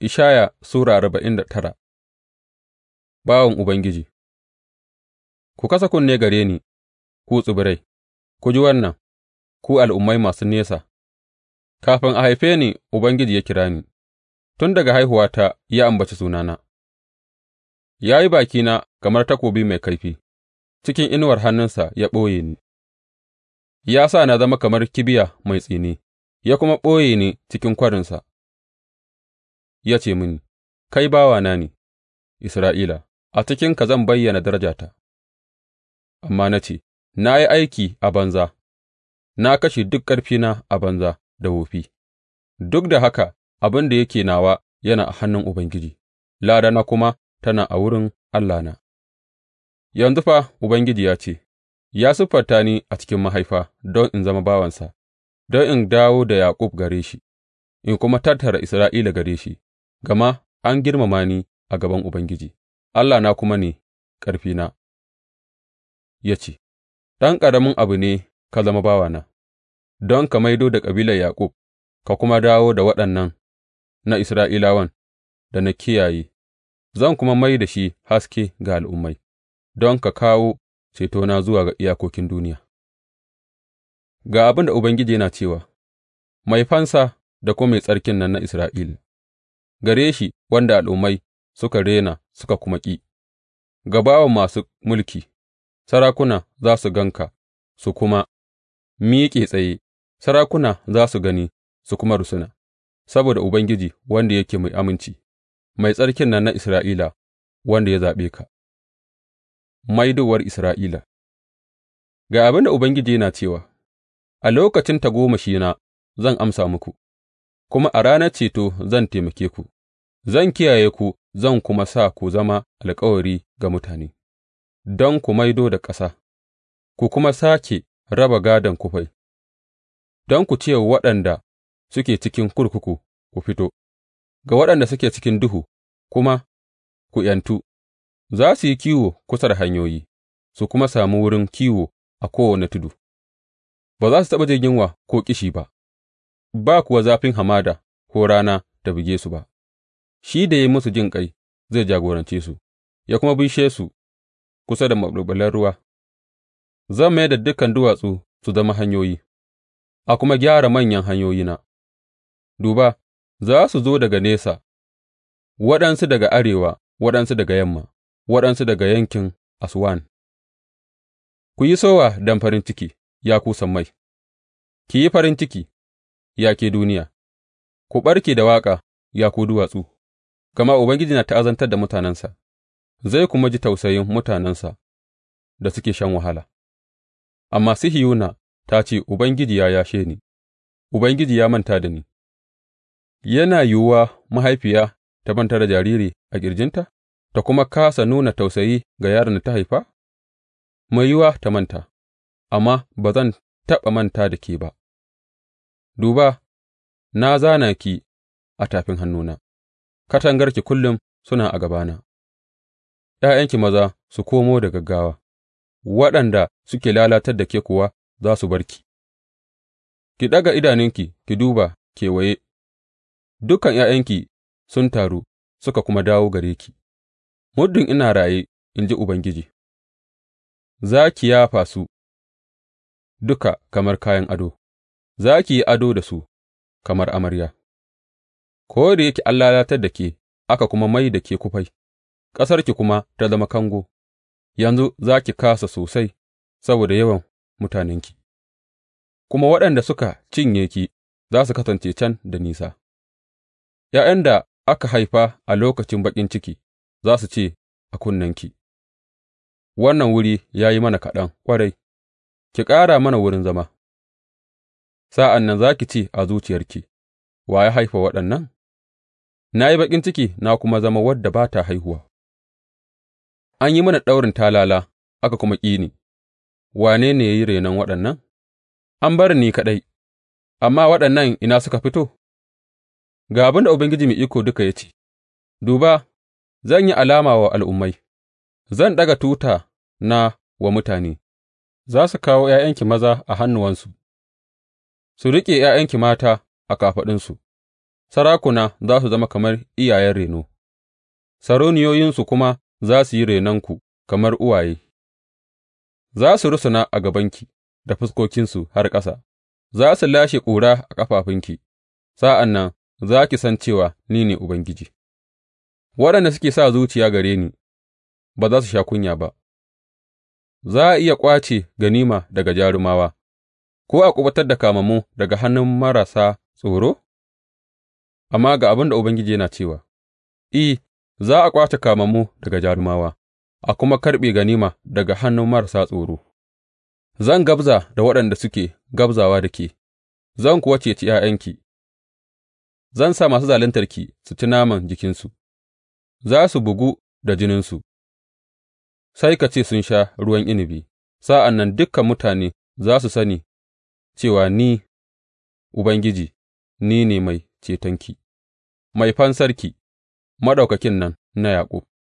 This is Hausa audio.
Ishaya Sura arba'in da tara Bawan Ubangiji Ku kasa kunne gare ni, ku tsibirai, ku ji wannan, ku al'ummai masu nesa, kafin a haife ni Ubangiji ya kira ni, tun daga haihuwata ya ambaci sunana, ya yi bakina kamar takobi mai kaifi, cikin inuwar hannunsa ya ɓoye ni, ya sa na zama kamar kibiya mai tsini, ya kuma ɓoye ni cikin kwarinsa. ya ce mini, Kai bawana ne, Isra'ila, a cikinka zan bayyana darajata, amma na ce, Na yi aiki a banza, na kashe duk ƙarfina a banza da wofi, duk da haka abin da yake nawa yana a hannun Ubangiji, ladana kuma tana a wurin Allahna. Yanzu fa Ubangiji ya ce, Ya siffata ni a cikin mahaifa don in zama bawansa, don in dawo da Yaƙub gare shi, in kuma tattara Isra'ila gare shi. Gama an girmama ni a gaban Ubangiji, Allahna kuma ne ƙarfina; ya ce, Ɗan ƙaramin abu ne ka zama bawana, don ka maido da kabilar Yaƙub ka kuma dawo da waɗannan na Isra'ilawan da na kiyaye, zan kuma mai da shi haske ga al'ummai, don ka kawo cetona zuwa ga iyakokin duniya.’ Ga abin da Ubangiji yana cewa, Mai Fansa da kuma Mai Tsarkin nan na Isra'ila. gare shi wanda al'ummai suka rena suka kuma ƙi, ga bawan masu mulki, sarakuna za su gan ka su kuma miƙe tsaye, sarakuna za su gani su kuma rusuna, saboda Ubangiji wanda yake mai aminci, mai tsarkin nan na Isra'ila wanda ya zaɓe ka. Maidowar Isra'ila Ga abin da Ubangiji yana cewa, A lokacin tagomashina zan amsa muku. kuma a ranar ceto zan taimake ku, zan kiyaye ku zan kuma sa ku zama alkawari ga mutane, don ku maido da ƙasa, ku kuma sake raba gādon kufai, don ku ce wa waɗanda suke cikin kurkuku, Ku fito, ga waɗanda suke cikin duhu, kuma ku ’yantu, za su yi kiwo kusa da hanyoyi, su kuma sami wurin kiwo a kowane tudu, ba za su taɓa jin yunwa ko ƙishi ba. ba kuwa zafin hamada ko rana ta buge su ba, shi da ya yi musu jinƙai zai jagorance su, ya kuma bishe su kusa da maɓulɓulan ruwa, zan mai da dukan duwatsu su zama hanyoyi, a kuma gyara manyan hanyoyina, duba, za su zo daga nesa, waɗansu daga arewa, waɗansu daga yamma, waɗansu daga yankin Aswan. Ku yi sowa don farin ciki, ya ku mai. ki yi farin ciki, ya ke duniya, ku ɓarke da waƙa, ya ku duwatsu, gama Ubangiji na ta'azantar da mutanensa, zai kuma ji tausayin mutanensa da suke shan wahala. Amma Sihiyuna ta ce, Ubangiji ya yashe ni, Ubangiji ya manta da ni, yana yiwuwa mahaifiya ta manta da jariri a ƙirjinta, ta kuma kasa nuna tausayi ga yaron ta haifa? Mai yiwuwa ta manta, amma ba zan taɓa manta da ke ba. Duba, na zāna ki a tafin hannuna; katangarki kullum suna a gabana, ’ya'yanki maza su komo da gaggawa, waɗanda suke lalatar da ke kuwa za su bar ki; ki ɗaga idanunki ki duba kewaye, dukan ’ya'yanki sun taru suka kuma dawo gare ki, muddin ina raye, in ji Ubangiji, za ki yafa su duka kamar kayan ado. za ki yi ado da su kamar amarya, ko da yake an lalatar da ke aka kuma mai da ke kufai, ƙasarki kuma ta zama kango, yanzu za ki kāsa sosai saboda yawan mutanenki, kuma waɗanda suka cinye ki za su kasance can da nisa, ’ya'yan da aka haifa a lokacin baƙin ciki za su ce a kunnenki, Wannan wuri ya yi mana kaɗan ƙwarai, ki ƙara mana wurin zama. Sa'an nan za ki ce a zuciyarki, Wa ya haifa waɗannan? Na yi baƙin ciki na kuma zama wadda ba ta haihuwa; an yi mana ɗaurin talala aka kuma ƙi ni, wane ne ya yi renon waɗannan? An bar ni ni kaɗai, amma waɗannan ina suka fito?’ Ga abin da Ubangiji Mai Iko Duka ya ce, Duba, zan yi alama wa al'ummai, zan ɗaga na wa mutane; za su kawo ’ya'yanki maza a hannuwansu. Su riƙe ’ya'yanki mata a kafaɗunsu, sarakuna za su zama kamar iyayen reno, sarauniyoyinsu kuma za su yi renonku kamar uwaye; za su rusuna a gabanki da fuskokinsu har ƙasa, za su lashe ƙura a ƙafafunki, sa'an nan za ki san cewa ni ne Ubangiji, waɗanda suke sa zuciya gare ni ba za su sha kunya ba, za a iya ƙwace ganima daga jarumawa. ko a kubutar da kamammu daga hannun marasa tsoro? Amma ga abin da Ubangiji yana cewa, I, za a ƙwace kamammu daga jarumawa, a kuma karɓe ganima daga hannun marasa tsoro. Zan gabza da waɗanda suke gabzawa da ke, zan kuwa ceci ’ya'yanki, zan sa masu zaluntarki su ci naman jikinsu, za su bugu da jininsu, sai ka ce sun sha ruwan inabi, sa'an nan dukan mutane za su sani cewa Ni, Ubangiji, ni ne Mai Cetonki, Mai Fansarki, Maɗaukakin nan na Yaƙub.